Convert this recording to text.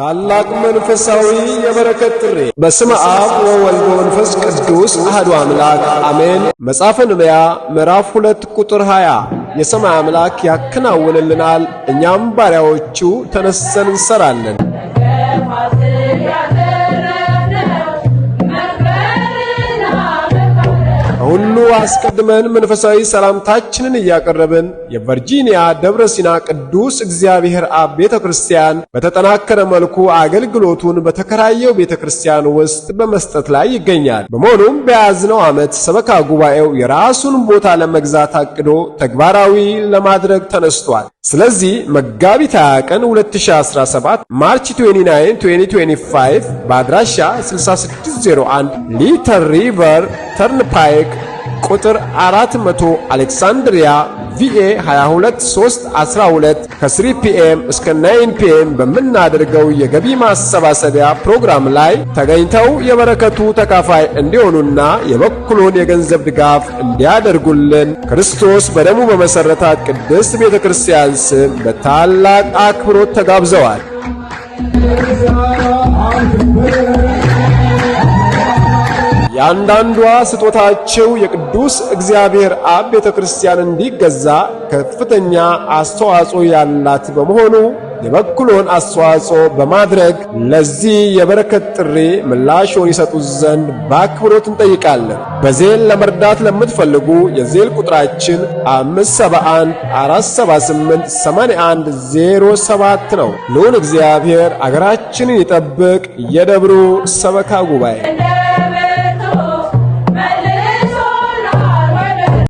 ታላቅ መንፈሳዊ የበረከት ጥሪ በስመ አብ ወወልድ ወመንፈስ ቅዱስ አህዱ አምላክ አሜን። መጽሐፈ ነህምያ ምዕራፍ ሁለት ቁጥር 20 የሰማይ አምላክ ያከናውንልናል፣ እኛም ባሪያዎቹ ተነስተን እንሰራለን። ከሁሉ አስቀድመን መንፈሳዊ ሰላምታችንን እያቀረብን የቨርጂኒያ ደብረ ሲና ቅዱስ እግዚአብሔር አብ ቤተ ክርስቲያን በተጠናከረ መልኩ አገልግሎቱን በተከራየው ቤተ ክርስቲያን ውስጥ በመስጠት ላይ ይገኛል። በመሆኑም በያዝነው ዓመት ሰበካ ጉባኤው የራሱን ቦታ ለመግዛት አቅዶ ተግባራዊ ለማድረግ ተነስቷል። ስለዚህ መጋቢት 20 ቀን 2017 ማርች 29 2025 በአድራሻ 6601 ሊተር ሪቨር ተርንፓይክ ቁጥር 400 አሌክሳንድሪያ ቪኤ 22312 ከ3 ፒኤም እስከ 9 ፒኤም በምናደርገው የገቢ ማሰባሰቢያ ፕሮግራም ላይ ተገኝተው የበረከቱ ተካፋይ እንዲሆኑና የበኩሉን የገንዘብ ድጋፍ እንዲያደርጉልን ክርስቶስ በደሙ በመሠረታት ቅድስት ቤተ ክርስቲያን ስም በታላቅ አክብሮት ተጋብዘዋል። የአንዳንዷ ስጦታቸው የቅዱስ እግዚአብሔር አብ ቤተ ክርስቲያን እንዲገዛ ከፍተኛ አስተዋጽኦ ያላት በመሆኑ የበኩሎን አስተዋጽኦ በማድረግ ለዚህ የበረከት ጥሪ ምላሽን ይሰጡ ዘንድ በአክብሮት እንጠይቃለን። በዜል ለመርዳት ለምትፈልጉ የዜል ቁጥራችን 57147888107 ነው። ልዑል እግዚአብሔር አገራችንን ይጠብቅ። የደብሩ ሰበካ ጉባኤ